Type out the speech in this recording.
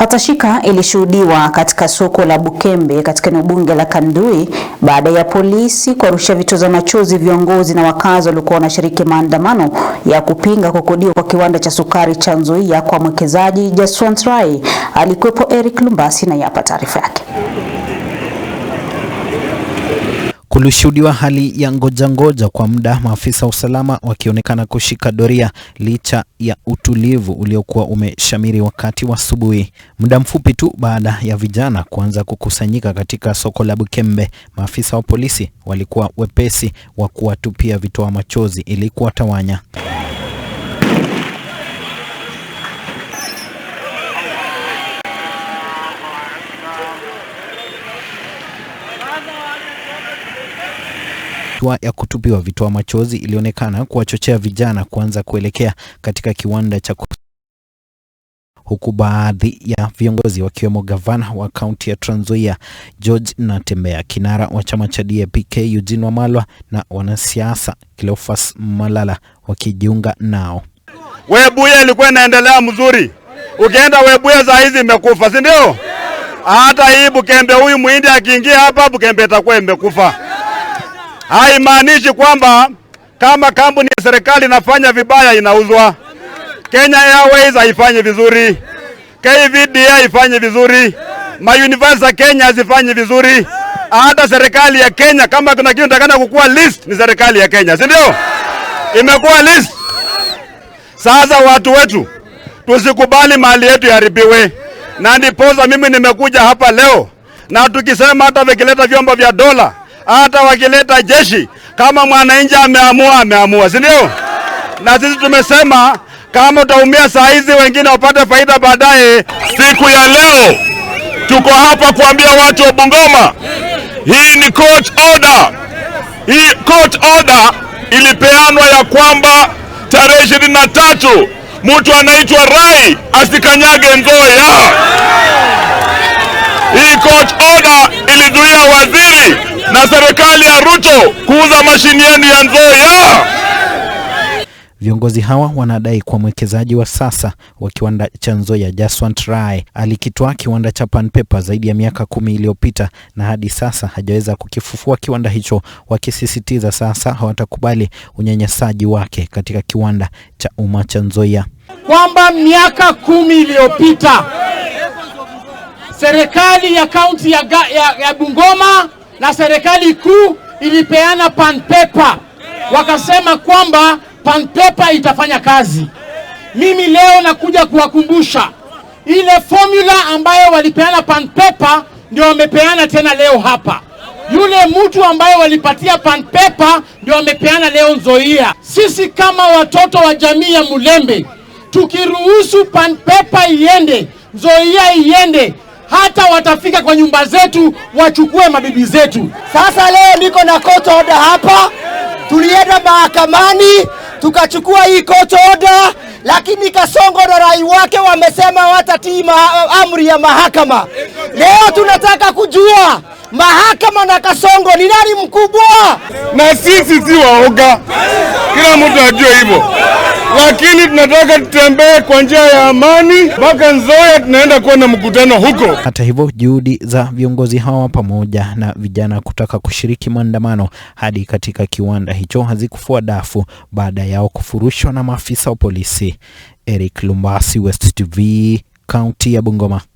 Patashika ilishuhudiwa katika soko la Bukembe katika eneo bunge la Kandui baada ya polisi kuwarusha vitoza machozi viongozi na wakazi waliokuwa wanashiriki maandamano ya kupinga kukodiwa kwa kiwanda cha sukari cha Nzoia kwa mwekezaji Jaswant Rai. Alikuwepo Eric Lumbasi na yapa taarifa yake. Kulishuhudiwa hali ya ngoja ngoja kwa muda, maafisa wa usalama wakionekana kushika doria licha ya utulivu uliokuwa umeshamiri wakati wa asubuhi. Muda mfupi tu baada ya vijana kuanza kukusanyika katika soko la Bukembe, maafisa wa polisi walikuwa wepesi wa kuwatupia vitoa machozi ili kuwatawanya. Hatua ya kutupiwa vitoa machozi ilionekana kuwachochea vijana kuanza kuelekea katika kiwanda cha huku baadhi ya viongozi wakiwemo gavana wa kaunti ya Trans Nzoia George Natembeya, kinara wa chama cha DAP-K Eugene Wamalwa na wanasiasa Cleophas Malala wakijiunga nao. Webuye ilikuwa inaendelea mzuri, ukienda Webuye saa hizi imekufa, si ndio? Hata hii Bukembe, huyu muhindi akiingia hapa Bukembe itakuwa imekufa haimaanishi kwamba kama kampuni ya serikali inafanya vibaya inauzwa. Kenya Airways haifanyi vizuri, KVDA haifanyi vizuri, mayunivasi za Kenya hazifanyi vizuri. Hata serikali ya Kenya, kama kuna kitu takana kukua list ni serikali ya Kenya, si ndio? Imekuwa list. Sasa watu wetu tusikubali mali yetu iharibiwe, na ndiposa mimi nimekuja hapa leo, na tukisema hata vikileta vyombo vya dola hata wakileta jeshi, kama mwananchi ameamua, ameamua, si ndio? Na sisi tumesema kama utaumia saa hizi, wengine wapate faida baadaye. Siku ya leo tuko hapa kuambia watu wa Bungoma, hii ni court order. Hii court order ilipeanwa ya kwamba tarehe ishirini na tatu mtu anaitwa Rai asikanyage Nzoia. Hii court order ilizuia waziri na serikali ya Ruto kuuza mashini yenu ya Nzoia. Viongozi hawa wanadai kwa mwekezaji wa sasa wa kiwanda cha Nzoia Jaswant Rai alikitwaa kiwanda cha Pan Paper zaidi ya miaka kumi iliyopita na hadi sasa hajaweza kukifufua kiwanda hicho, wakisisitiza sasa hawatakubali unyanyasaji wake katika kiwanda cha umma cha Nzoia, kwamba miaka kumi iliyopita serikali ya kaunti ya, ya, ya Bungoma na serikali kuu ilipeana pan paper, wakasema kwamba pan paper itafanya kazi. Mimi leo nakuja kuwakumbusha ile formula ambayo walipeana pan paper, ndio wamepeana tena leo hapa. Yule mtu ambaye walipatia pan paper ndio wamepeana leo Nzoia. Sisi kama watoto wa jamii ya Mulembe tukiruhusu pan paper iende, Nzoia iende hata watafika kwa nyumba zetu wachukue mabibi zetu. Sasa leo niko na court order hapa, tulienda mahakamani tukachukua hii court order, lakini Kasongo na rai wake wamesema watatii amri ya mahakama. Leo tunataka kujua mahakama na Kasongo ni nani mkubwa, na sisi si waoga, kila mtu ajue hivyo lakini tunataka tutembee kwa njia ya amani mpaka Nzoia, tunaenda kuwa na mkutano huko. Hata hivyo, juhudi za viongozi hawa pamoja na vijana kutaka kushiriki maandamano hadi katika kiwanda hicho hazikufua dafu baada yao kufurushwa na maafisa wa polisi. Eric Lumbasi, West TV, kaunti ya Bungoma.